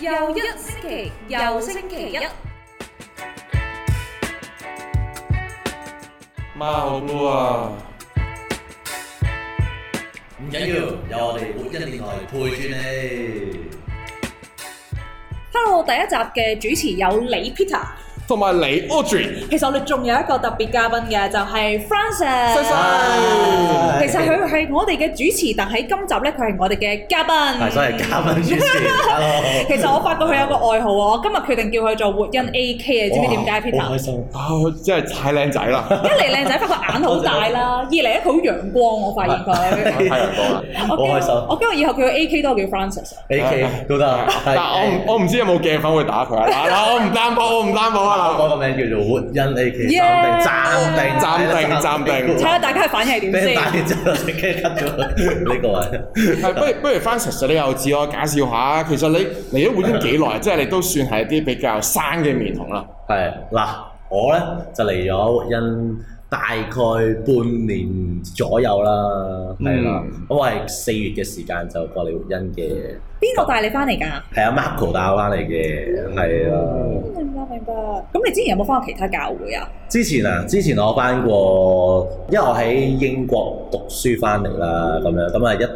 又一星期，又星期一。嘛，好攰啊，唔緊要，由我哋活恩電台嚟陪住你。Hello，第一集嘅主持有李 Peter。同埋李 Audrey，其實我哋仲有一個特別嘉賓嘅，就係 Frances。其實佢係我哋嘅主持，但喺今集咧，佢係我哋嘅嘉賓。係嘉賓主持。其實我發覺佢有個愛好啊，我今日決定叫佢做活恩 A K，你知唔知點解 Peter？好開心！真係太靚仔啦！一嚟靚仔，佢個眼好大啦；二嚟咧，佢好陽光，我發現佢。太陽光啦！好開心。我驚我以後佢 A K 都叫 Frances。A K 都得。但我我唔知有冇鏡粉會打佢啊？我唔擔保，我唔擔保。我個名叫做活因，你其暫停暫定、暫定、暫定。睇下大家嘅反應係點先。俾大隻嘅 cut 咗呢個位。係， 不如不如翻實在啲幼稚，我介紹下。其實你嚟咗活恩幾耐？ 即係你都算係一啲比較生嘅面孔啦。係嗱， 我咧就嚟咗活因。大概半年左右啦，係、嗯、啦，我係四月嘅時間就過嚟活恩嘅。邊個帶你翻嚟噶？係阿、啊、Marco 帶我翻嚟嘅，係、嗯、啊、嗯，明白明白。咁你之前有冇翻過其他教會啊？之前啊，之前我翻過，因為我喺英國讀書翻嚟啦，咁樣咁啊，一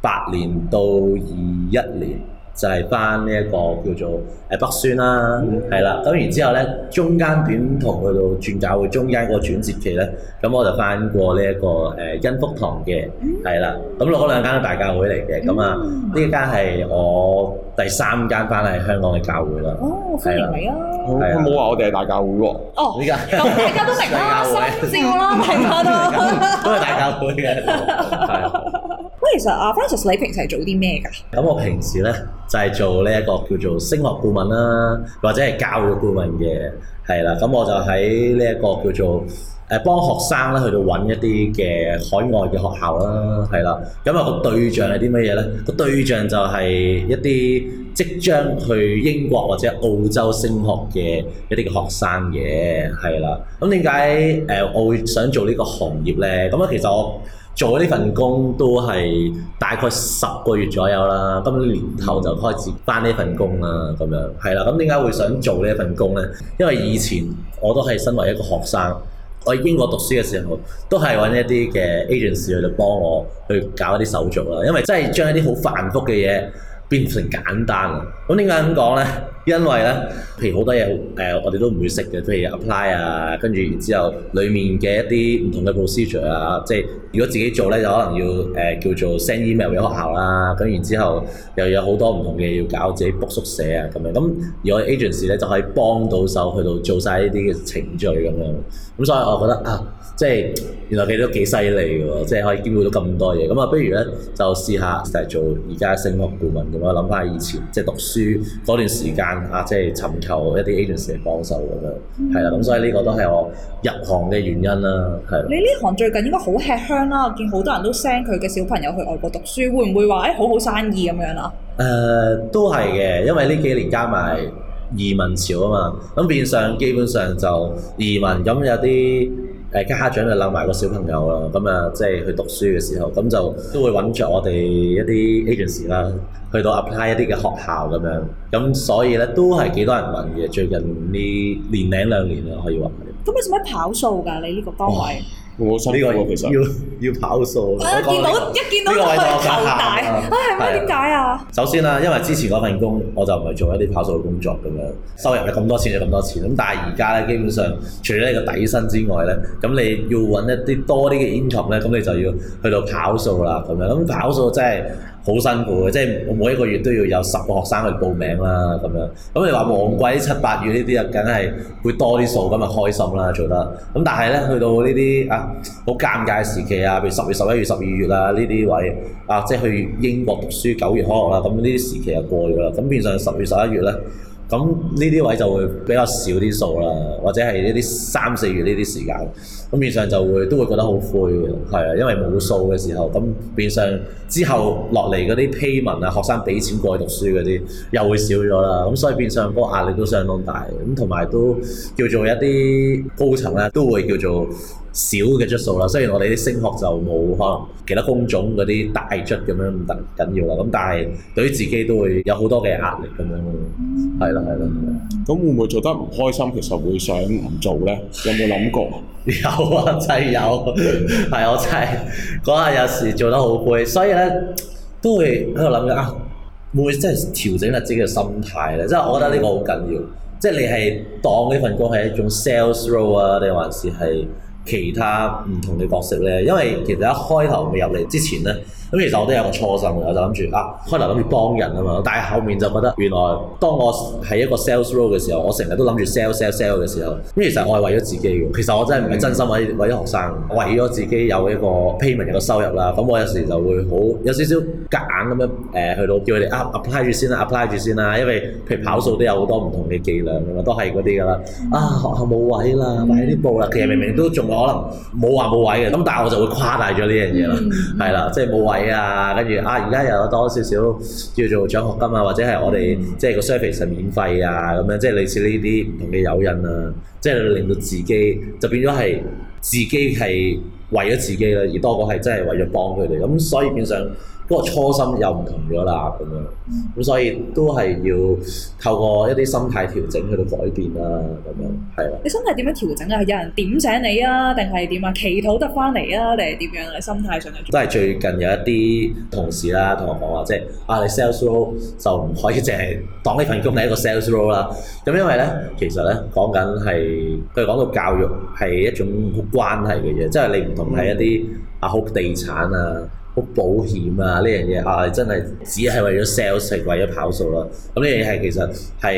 八年到二一年。就係翻呢一個叫做誒北宣啦，係啦，咁然之後咧，中間點同去到轉教會中間嗰個轉折期咧，咁我就翻過呢一個誒恩福堂嘅，係啦，咁嗰兩間都係大教會嚟嘅，咁啊呢間係我第三間翻嚟香港嘅教會啦。哦，所以明啊，佢冇話我哋係大教會喎。哦，呢間，大家都明啦，三兆啦，大家都都係大教會嘅，係。其實啊，Francis，你平時係做啲咩㗎？咁我平時咧就係、是、做呢一個叫做升學顧問啦、啊，或者係教育顧問嘅，係啦。咁我就喺呢一個叫做誒幫學生咧去到揾一啲嘅海外嘅學校啦，係啦。咁、那、啊個對象係啲乜嘢咧？個對象就係一啲即將去英國或者澳洲升學嘅一啲嘅學生嘅，係啦。咁點解誒我會想做呢個行業咧？咁、那、啊、個、其實我。做呢份工都係大概十個月左右啦，今年頭就開始返呢份工啦，咁樣係啦。咁點解會想做呢份工呢？因為以前我都係身為一個學生，我喺英國讀書嘅時候，都係揾一啲嘅 agent 去度幫我去搞一啲手續啦。因為真係將一啲好繁複嘅嘢變成簡單。咁點解咁講呢？因為咧，譬如好多嘢誒、呃、我哋都唔會識嘅，譬如 apply 啊，跟住然之後裏面嘅一啲唔同嘅 procedure 啊，即係如果自己做咧，就可能要誒、呃、叫做 send email 俾學校啦，咁、啊、然之後又有好多唔同嘅要搞自己 book 宿舍啊，咁樣，咁如果 agency 咧就可以幫到手去到做晒呢啲嘅程序咁樣。咁所以我覺得啊，即係原來佢都幾犀利嘅,即係可以兼顧到咁多嘢。咁啊，不如咧就試下就係做而家升學顧問咁樣，諗翻以前即係讀書段時間。啊！即係尋求一啲 agency 嚟幫手咁樣，係啦，咁所以呢個都係我入行嘅原因啦，係。你呢行最近應該好吃香啦，見好多人都 send 佢嘅小朋友去外國讀書，會唔會話誒、哎、好好生意咁樣啦、啊？誒、呃，都係嘅，因為呢幾年加埋移民潮啊嘛，咁變相基本上就移民咁有啲。誒家長就攬埋個小朋友啊，咁啊，即係去讀書嘅時候，咁就都會揾着我哋一啲 agency 啦，去到 apply 一啲嘅學校咁樣，咁所以咧都係幾多人問嘅，最近呢年零兩年啊，可以話。咁你做咩跑數㗎？你呢個崗位？呢個要其實要 要跑數。啊、我說 見到說一見到就頭、啊、大，唉、啊，唔知點解啊！首先啦、啊，因為之前嗰份工我就唔係做一啲跑數嘅工作咁樣，收入你咁多錢又咁多錢。咁但係而家咧，基本上除咗你個底薪之外咧，咁你要搵一啲多啲嘅 income 咧，咁你就要去到跑數啦咁樣。咁跑數真、就、係、是、～好辛苦嘅，即係每一個月都要有十個學生去報名啦，咁樣。咁你話旺季七八月呢啲啊，梗係會多啲數，咁咪開心啦，做得。咁但係咧，去到呢啲啊，好尷尬嘅時期啊，譬如十月、十一月、十二月啊，呢啲位啊，即係去英國讀書九月開學啦，咁呢啲時期就過咗啦。咁變相十月十一月咧，咁呢啲位就會比較少啲數啦，或者係呢啲三四月呢啲時間。咁變相就會都會覺得好攰嘅，係啊，因為冇數嘅時候，咁變相之後落嚟嗰啲批文啊，學生俾錢過去讀書嗰啲，又會少咗啦。咁所以變相個壓力都相當大，咁同埋都叫做一啲高層咧，都會叫做少嘅質素啦。雖然我哋啲升學就冇可能其他工種嗰啲大卒咁樣咁緊要啦。咁但係對於自己都會有好多嘅壓力咁樣，係啦，係啦。咁會唔會做得唔開心？其實會想唔做呢？有冇諗過？ 好啊，真係 實有，係 我真係嗰下有時做得好攰，所以咧都會喺度諗緊，會唔會真係調整下自己嘅心態咧？即係、嗯、我覺得呢個好緊要，即係你係當呢份工係一種 sales role 啊，定還是係其他唔同嘅角色咧？嗯、因為其實一開頭未入嚟之前咧。咁其實我都有個初心，我就諗住啊，開頭諗住幫人啊嘛，但係後面就覺得原來當我係一個 sales role 嘅時候，我成日都諗住 sell sell sell 嘅時候，咁其實我係為咗自己嘅，其實我真係唔係真心為、嗯、為咗學生，為咗自己有一個 payment 一個收入啦。咁、嗯、我有時就會好有少少夾硬咁樣誒，去、呃、到叫佢哋啊 apply 住先啦，apply 住先啦，因為譬如跑數都有好多唔同嘅伎倆嘅嘛，都係嗰啲㗎啦。啊學校冇位啦，嗯、買啲報啦，其實明明都仲有可能冇話冇位嘅，咁但係我就會誇大咗呢樣嘢啦，係啦、嗯嗯， 即係冇位。係啊，跟住啊，而家又有多少少叫做獎學金啊，或者係我哋即係個 service 免費啊，咁樣即係類似呢啲唔同嘅誘因啊，即係令到自己就變咗係自己係為咗自己啦，而多過係真係為咗幫佢哋咁，所以變相。不過初心又唔同咗啦，咁樣，咁、嗯、所以都係要透過一啲心態調整去到改變啦，咁樣，係你心態點樣調整啊？係有人點醒你啊？定係點啊？祈禱得翻嚟啊？定係點樣啊？你心態上係都係最近有一啲同事啦，同我講話，即係啊，你 sales role 就唔可以淨係當呢份工係一個 sales role 啦。咁因為咧，其實咧講緊係，佢講到教育係一種好關係嘅嘢，即係你唔同係一啲阿好地產啊。保險啊！呢樣嘢啊，真係只係為咗 sales，為咗跑數咯。咁呢樣嘢係其實係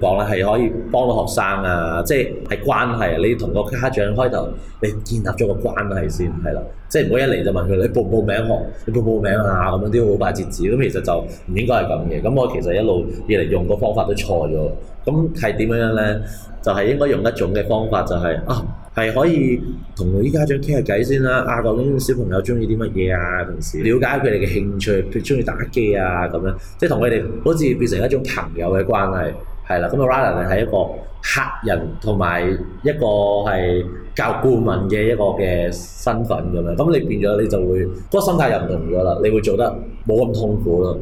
講咧，係可以幫到學生啊，即係係關係。你同個家長開頭，你建立咗個關係先，係啦。即係唔好一嚟就問佢你報唔報名學，你報唔報,報,報名啊咁樣都要好快截止。咁、嗯、其實就唔應該係咁嘅。咁、嗯、我其實一路以嚟用個方法都錯咗。咁係點樣咧？就係、是、應該用一種嘅方法、就是，就係啊。係可以同啲家長傾下偈先啦。啊，究竟小朋友中意啲乜嘢啊？平時了解佢哋嘅興趣，譬如中意打機啊咁樣，即係同佢哋好似變成一種朋友嘅關係，係啦。咁啊，Rana 係一個客人同埋一個係教育顧問嘅一個嘅身份咁樣。咁你變咗你就會，嗰、嗰個心態又唔同咗啦。你會做得冇咁痛苦咯。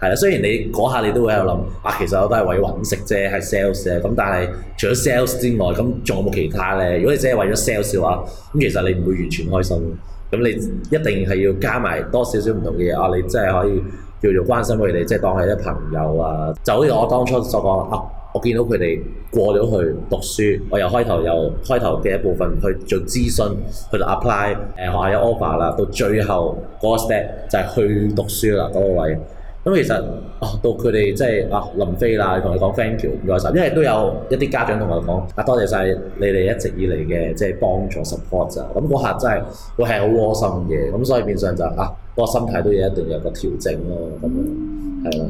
係啦，雖然你嗰下你都會喺度諗，啊其實我都係為揾食啫，係 sales 啫。咁但係除咗 sales 之外，咁仲有冇其他咧？如果你只係為咗 sales 嘅話，咁其實你唔會完全開心。咁你一定係要加埋多少少唔同嘅嘢啊！你真係可以叫做關心佢哋，即係當係一朋友啊。就好似我當初所講啊，我見到佢哋過咗去讀書，我由開頭又開頭嘅一部分去做諮詢，去 apply 誒、呃、學校有 offer 啦，到最後嗰個 step 就係去讀書啦嗰、嗰個位。咁其實啊，到佢哋即係啊林飛啦，同佢講 thank you 唔該晒。因為都有一啲家長同我講啊，多謝晒你哋一直以嚟嘅即係幫助 support 就，咁嗰、啊、下真係會係好窩心嘅，咁、啊、所以變相就啊個心態都有一定要有個調整咯，咁、啊、樣。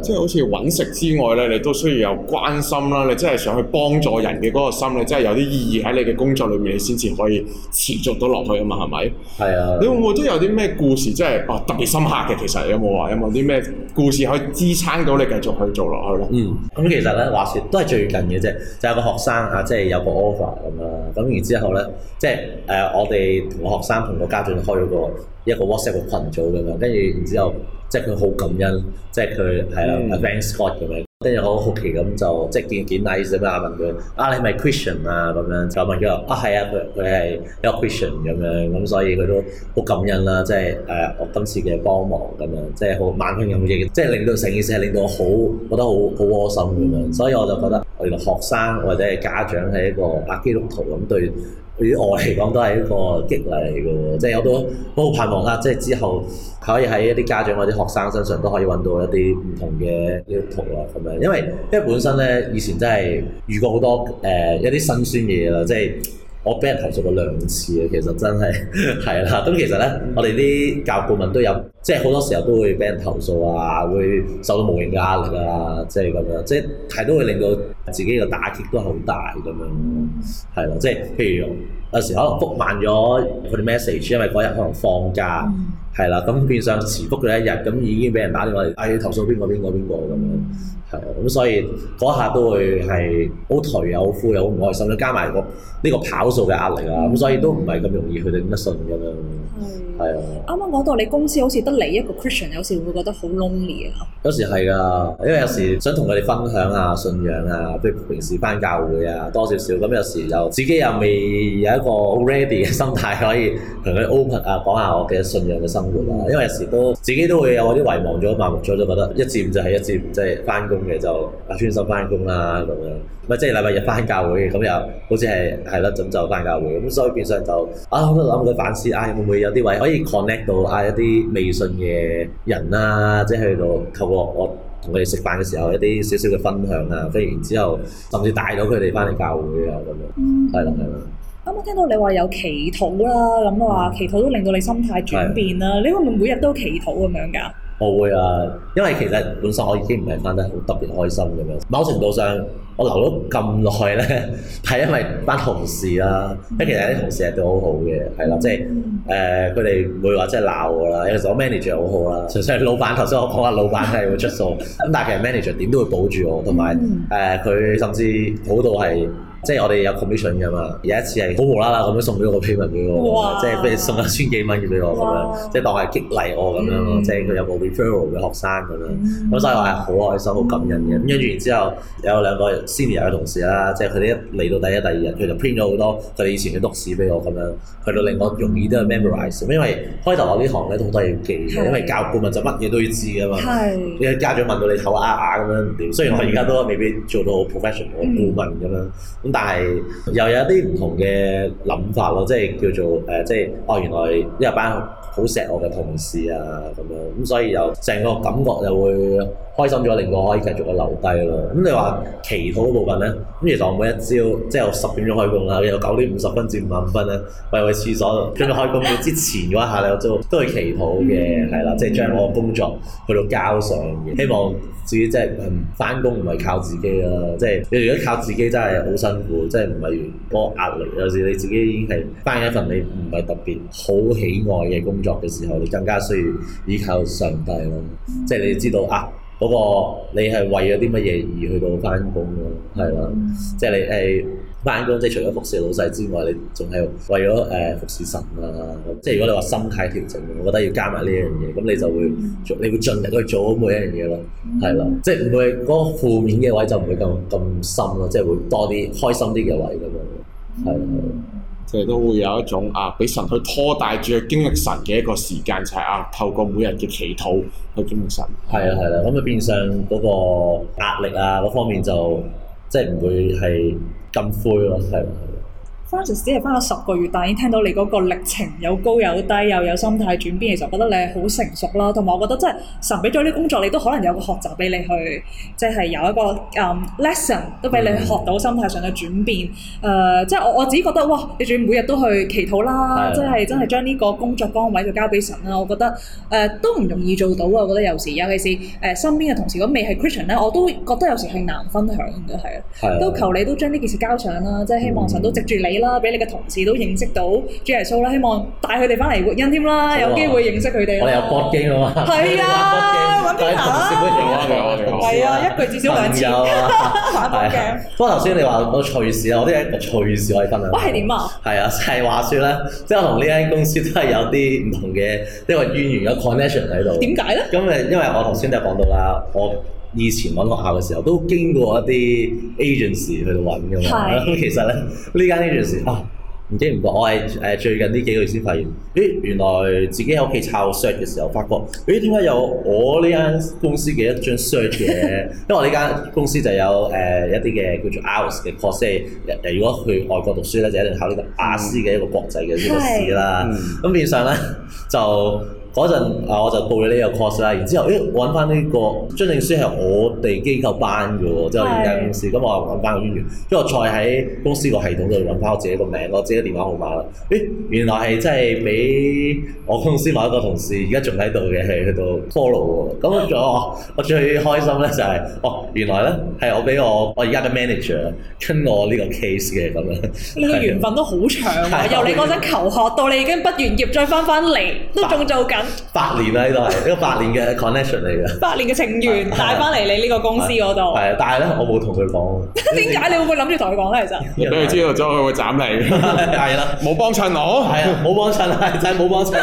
即係好似揾食之外呢，你都需要有關心啦。你真係想去幫助人嘅嗰個心，你真係有啲意義喺你嘅工作裏面，你先至可以持續到落去啊嘛？係咪？係啊。你會唔會都有啲咩故事，即係啊特別深刻嘅？其實有冇話？有冇啲咩故事可以支撐到你繼續去做落去呢？嗯。咁其實呢，話説都係最近嘅啫，就係、有個學生嚇、啊，即係有個 offer 咁樣。咁然之後呢，即係、啊、我哋同學生同個家長開咗個。一個 WhatsApp 個群組咁、嗯 nice，啊啊、樣，跟住然之後，即係佢好感恩，即係佢係啦 advance Scott 咁樣。跟住我好奇咁就，即係見見 nice 啦，問佢啊，你係咪 Christian 啊咁樣？就問佢話啊，係啊，佢佢係一個 Christian 咁樣，咁所以佢都好感恩啦，即係誒我今次嘅幫忙咁樣，即係好萬分感激，即係令到成件事係令到我好覺得好好窩心咁樣，所以我就覺得原來學生或者係家長係一個阿基督徒咁對。對於我嚟講都係一個激勵嚟㗎喎，即係我都都好盼望啦，即係之後可以喺一啲家長或者學生身上都可以揾到一啲唔同嘅要求啦咁樣，因為因為本身咧以前真係遇過好多誒、呃、一啲辛酸嘢啦，即係我俾人投訴過兩次啊，其實真係係啦，咁 其實咧我哋啲教育顧問都有，即係好多時候都會俾人投訴啊，會受到無形嘅壓力啊，即係咁樣，即係都會令到。自己嘅打擊都好大咁樣，係咯、mm.，即係譬如有時可能覆慢咗佢哋 message，因為嗰日可能放假，係啦、mm.，咁變相遲覆佢一日，咁已經俾人打電話嚟你、哎、投訴邊個邊個邊個咁樣，係啊，咁所以嗰下都會係好攰又好灰又好唔開心，加埋個呢個跑數嘅壓力啊，咁、mm. 所以都唔係咁容易佢哋咁得信㗎啦，係啊、mm. 的。啱啱講到你公司好似得你一個 Christian，有時會覺得好 lonely 啊。有時係㗎，因為有時想同佢哋分享啊，信仰啊。Mm. 即係平時翻教會啊，多少少咁、嗯，有時又自己又未有一個 ready 嘅心態，可以同佢 open 啊，講下我嘅信仰嘅生活啊。因為有時都自己都會有啲遺忘咗、麻木咗，都覺得一至五就係一至五，即係翻工嘅就專心翻工啦咁樣。咪、嗯，即係禮拜日翻教會，咁、嗯、又好似係係啦，準就翻教會。咁、嗯、所以變相就啊，我都諗佢反思啊、哎，會唔會有啲位可以 connect 到啊一啲未信嘅人啊，即係去到透過我。我同佢哋食飯嘅時候一啲少少嘅分享啊，跟然之後甚至帶到佢哋翻嚟教會啊咁樣，係啦係啦。啱啱、嗯、聽到你話有祈禱啦，咁話祈禱都令到你心態轉變啦，係嘅。你會唔會每日都祈禱咁樣㗎？我會啊，因為其實本身我已經唔係返得好特別開心咁樣。某程度上，我留咗咁耐咧，係因為班同事啦、啊嗯。咁其實啲同事亦都好好嘅、啊呃嗯，係啦，即係誒佢哋唔會話即係鬧我啦。因為我 manager 好好啦，純粹係老闆頭先我講話老闆係會出數，咁但係其實 manager 點都會保住我，同埋誒佢甚至好到係。即係我哋有 commission 嘅嘛，有一次係好無啦啦咁樣送咗個 payment 俾我，即係俾你送一千幾蚊嘅俾我咁樣，即係當係激勵我咁樣咯。即係佢有個 referral 嘅學生咁樣，咁所以我係好開心、好感恩嘅。咁跟住然之後有兩個 senior 嘅同事啦，即係佢哋嚟到第一、第二日，佢就 print 咗好多佢哋以前嘅督史俾我咁樣，去到令我容易啲去 memorize。因為開頭學呢行咧，好多嘢要記，因為教育顧問就乜嘢都要知嘅嘛。係，啲家長問到你口啞啞咁樣點？雖然我而家都未必做到 professional 嘅顧問咁樣。但係又有一啲唔同嘅諗法咯，即係叫做誒、呃，即係哦，原來一班好錫我嘅同事啊，咁樣，咁、嗯、所以又整個感覺就會，開心咗，令我可以繼續去留低咯。咁你話祈禱部分呢？咁其實我每一朝即係我十點鐘開工啦，然後九點五十分至五十五分咧，我係去廁所度準備開工嘅 之前嗰一下咧，我都都係祈禱嘅，係啦，即係將我嘅工作去到交上嘅。希望自己即係翻工唔係靠自己啊，即係你如果靠自己真係好辛苦，即係唔係個壓力。有時你自己已經係翻一份你唔係特別好喜愛嘅工作嘅時候，你更加需要依靠上帝咯。即係你知道啊～嗰個你係為咗啲乜嘢而去到翻工咯，係啦、嗯欸，即係你係翻工，即係除咗服侍老細之外，你仲係為咗誒、呃、服侍神啦、啊。即係如果你話心態調整，我覺得要加埋呢樣嘢，咁、嗯、你就會做，你會盡力去做好每一樣嘢咯，係啦、嗯，即係唔會嗰個負面嘅位就唔會咁咁深咯，即係會多啲開心啲嘅位咁樣，係。嗯其實都會有一種啊，俾神去拖帶住去經歷神嘅一個時間，就係啊，透過每日嘅祈禱去經歷神。係啊，係啦，咁啊變相嗰個壓力啊嗰方面就即係唔會係咁灰咯，係唔係？Francis 只係翻咗十個月，但已經聽到你嗰個歷程有高有低，又有心態轉變，其實覺得你係好成熟啦。同埋我覺得真係神俾咗啲工作，你都可能有個學習俾你去，即係有一個嗯、um, lesson 都俾你學到心態上嘅轉變。誒的，uh, 即係我我自己覺得，哇！你仲要每日都去祈禱啦，的即係真係將呢個工作崗位就交俾神啦。我覺得誒、呃、都唔容易做到啊。我覺得有時，尤其是誒身邊嘅同事如果未係 Christian 咧，我都覺得有時係難分享，應該係啊。的的都求你都將呢件事交上啦，即係希望神都藉住你。嗯啦，俾你嘅同事都認識到主耶穌啦，希望帶佢哋翻嚟活恩添啦，有機會認識佢哋。我哋有 board game 啊嘛，係啊，揾 board game，揾 Peter 啊，係啊，一句至少兩千，買 board game。不過頭先你話講趣事啊，我一嘢趣事可以分享。喂，係點啊？係啊，係話説咧，即係我同呢間公司都係有啲唔同嘅一個淵源嘅 connection 喺度。點解咧？咁誒，因為我頭先都有講到啦，我。以前揾學校嘅時候都經過一啲 agency 去到揾嘅嘛，的其實咧呢間 agency 啊，唔知唔覺，我係誒、呃、最近呢幾個月先發現，誒原來自己喺屋企抄 search 嘅時候，發覺誒點解有我呢間公司嘅一張 search 嘅，因為呢間公司就有誒、呃、一啲嘅叫做 IELTS 嘅 course，即係如果去外國讀書咧，就一定考呢個雅思嘅一個國際嘅呢個試啦。咁的變相咧就。嗰陣啊，我就報咗呢個 course 啦。然後之後，誒，這個、我翻呢個張證書係我哋機構班嘅喎，即、就、係、是、我現間公司。咁的我揾翻、那個專員，因為我再喺公司個系統度揾翻我自己個名，我自己電話號碼啦。誒，原來係真係俾我公司某一個同事，而家仲喺度嘅，係去到 follow 喎。咁、嗯、仲有的我最開心咧、就是，就係哦，原來咧係我俾我我而家嘅 manager 跟我呢個 case 嘅咁樣。呢個緣分都好長的的由你嗰陣求學到你已經畢完業再翻返嚟都仲做緊。八年啦，呢度係呢個八年嘅 connection 嚟嘅。八年嘅情緣帶翻嚟你呢個公司嗰度。係，但係咧我冇同佢講。點解你唔會諗住同佢講咧？其實。俾佢知道咗，佢會斬你。係啦，冇幫襯我。係啊，冇幫襯啊，真係冇幫襯。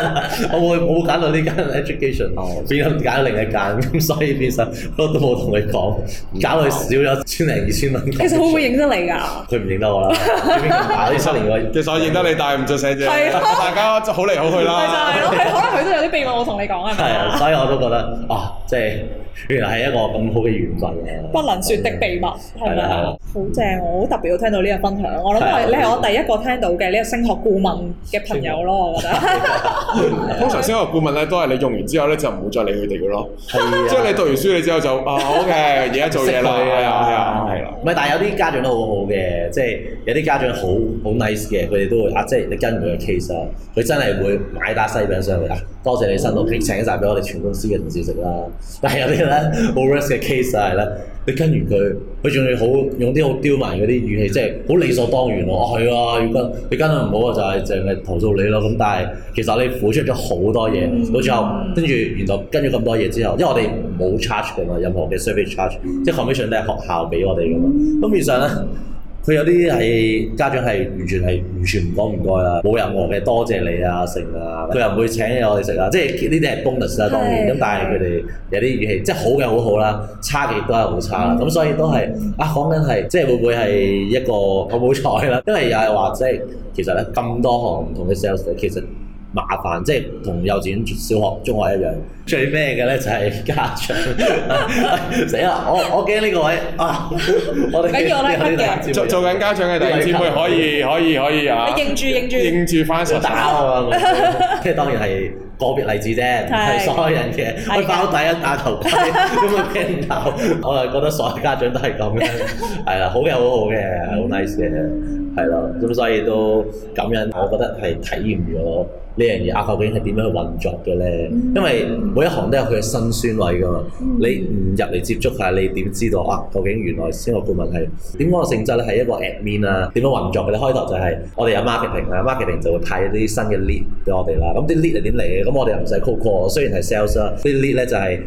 我會冇揀到呢間 education 變咗揀另一間咁，所以變咗我都冇同佢講，搞佢少咗千零二千蚊。其實會唔會認得你㗎？佢唔認得我啦。啲失其實我認得你，但係唔出聲啫。係。大家好嚟好去啦。就係咯。可能佢都有。秘密我同你講，係啊，所以我都覺得 啊。即係原來係一個咁好嘅緣分。不能說的秘密係咪啊？好正，我好特別聽到呢個分享。我諗係你係我第一個聽到嘅呢個升學顧問嘅朋友咯，啊，我覺得。通常升學 常顧問咧，都係你用完之後咧，就唔會再理佢哋嘅咯。係即係你讀完書你之後就啊，啊，OK，而家做嘢啦，係啊係啊係啊。唔係，啊，但係有啲家長都好好嘅，即、就、係、是、有啲家長好好 nice 嘅，佢哋都會啊，即、就、係、是、你跟住佢嘅 case 啊，佢真係會買打西餅上去啊！多謝你新老，請一紮俾我哋全公司嘅同事食啦。但係有啲咧冇 rest 嘅 case 就係咧，你跟完佢，佢仲要好用啲好刁蠻嗰啲語氣，即係好理所當然喎。係啊，要跟、啊、你跟得唔好啊，就係淨係投訴你咯。咁但係其實你付出咗好多嘢，到最後跟住原來跟咗咁多嘢之後，因為我哋冇 charge 嘅嘛，任何嘅 service charge，即係 commission 都係學校俾我哋嘅嘛。咁其實咧。佢有啲係家長係完全係完全唔講唔該啦，冇任何嘅多謝你啊，成的不、bon、啊，佢又唔會請嘢我哋食啊，即係呢啲係 bonus 啊當然，但係佢哋有啲語氣，即係好嘅好好啦，差嘅亦都係好差啦，咁、嗯、所以都係啊講緊係即係會唔會係一個好冇錯啦，因為又係話即係其實咧咁多行唔同嘅 sales 其實。麻煩，即係同幼稚園、小學、中學一樣。最咩嘅咧，就係家長死啦！ 我我驚呢個位啊，我哋做做緊家長嘅第二姊妹可以可以可以啊！認住認住認住翻上打我啊！即係 當然係。個別例子啫，係的所有人嘅，我、哎、呀包底一打頭盔咁嘅鏡頭， 我又覺得所有家長都係咁嘅，係啦， 好嘅好好嘅，好 nice 嘅，係咯，咁所以都感恩，我覺得係體驗咗呢樣嘢啊，究竟係點樣去運作嘅咧？因為每一行都有佢嘅辛酸味噶嘛，你唔入嚟接觸下，你點知道啊？究竟原來先個顧問係點樣嘅性質咧？係一個 admin 啊，點樣運作嘅？開頭就係我哋有 marketing 啊，marketing 就會派一啲新嘅 lead 俾我哋啦，咁啲 lead 係點嚟嘅？咁我哋又唔使 call call，雖然係 sales 啦，啲 lead 咧就係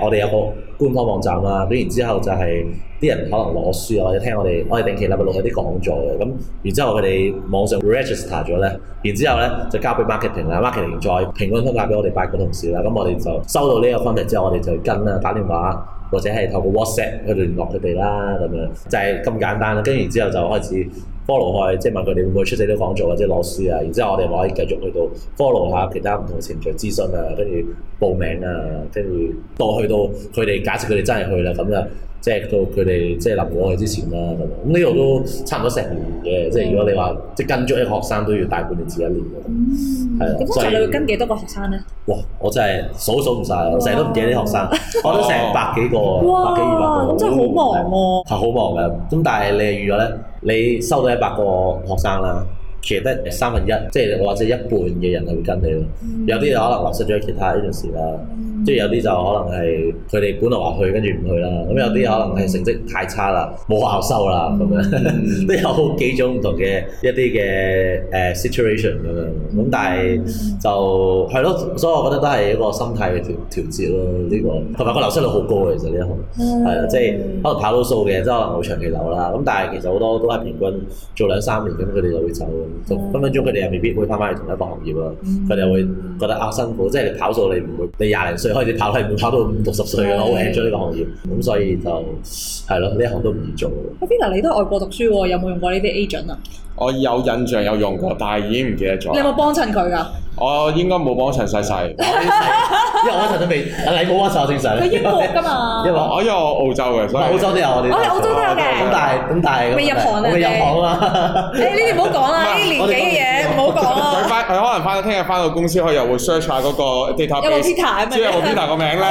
誒我哋有個官方網站啦，然之後就係、是、啲人可能攞書或者聽我哋，我哋定期禮物錄有啲講座嘅，咁然之後佢哋網上 register 咗咧，然之後咧就交俾 marketing 啦，marketing 再評分推介俾我哋八個同事啦，咁我哋就收到呢個 contact 之後，我哋就跟啦，打電話或者係透過 WhatsApp 去聯絡佢哋啦，咁樣就係、是、咁簡單啦，跟住之後就開始。follow 去，即係問佢哋會唔會出曬啲講座或者老師啊？然之後我哋可以繼續去到 follow 下其他唔同程序諮詢啊，跟住報名啊，跟住到去到佢哋假設佢哋真係去啦咁啦。即係到佢哋即係臨過去之前啦，咁呢個都差唔多成年嘅。即係如果你話即係跟咗一個學生都要大半年至一年嘅。嗯。係啊。咁你跟幾多個學生咧？哇！我真係數都數唔曬，成日都唔記得啲學生，我都成百幾個，百幾二百個。咁真係好忙喎。係好忙嘅。咁但係你預咗咧？你收到一百個學生啦，其實得三分一，即係或者一半嘅人係會跟你咯。有啲可能流失咗其他呢件事啦。即係有啲就可能係佢哋本來話去跟住唔去啦，咁、嗯、有啲可能係成績太差啦，冇學校收啦咁樣，都有幾種唔同嘅一啲嘅誒 situation 咁樣。咁但係就係咯，所以我覺得都係一個心態嘅調調節咯。呢、這個同埋個流失率好高嘅其實呢一行，係啊的，即係可能跑到數嘅都可能會長期留啦。咁但係其實好多都係平均做兩三年，咁佢哋就會走，分分鐘佢哋又未必會翻翻去同一個行業咯。佢哋又會覺得啊辛苦，即係你跑數你唔會，你廿零歲。開始跑勵步，跑到五六十歲，我好興咗呢個行業，咁所以就係咯，呢行都唔易做。Peter，你都外國讀書喎，有冇用過呢啲 agent 啊？我有印象有用過，但係已經唔記得咗。你有冇幫襯佢㗎？我應該冇幫襯細細，因為我一陣都未。你冇幫襯我先佢英國㗎嘛？英國，我因為我澳洲嘅，所以澳洲都有我哋我哋澳洲都有嘅。咁但咁大，咁大。未入行啊！未入行啊！你呢啲唔好講啦，呢年紀嘢？唔好講佢翻，佢可能翻到聽日翻到公司，佢又會 search 下嗰個 database，知道阿 Peter 個名咧。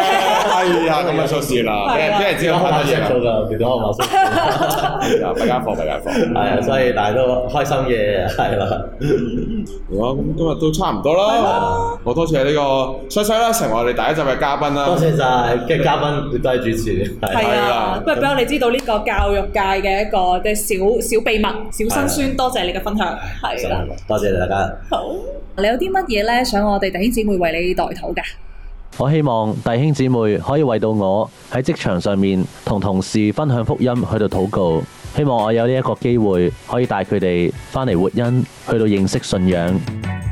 係啊，咁就出事啦！啲人啲人知道開乜嘢啦？變咗我冇。啊！大家貨，別間貨。係啊，所以大家都開心嘅，係啦。咁今日都差唔多啦。我多謝呢個西西啦，成為我哋第一集嘅嘉賓啦。多謝晒，今日嘉賓，你都係主持。係啊，不過俾我你知道呢個教育界嘅一個即係小小秘密、小辛酸。多謝你嘅分享，係啦。多謝。大家。好，你有啲乜嘢咧？想我哋弟兄姊妹為你代禱㗎？我希望弟兄姊妹可以為到我喺職場上面同同事分享福音，去到禱告。希望我有呢一個機會可以帶佢哋返嚟活恩，去到認識信仰。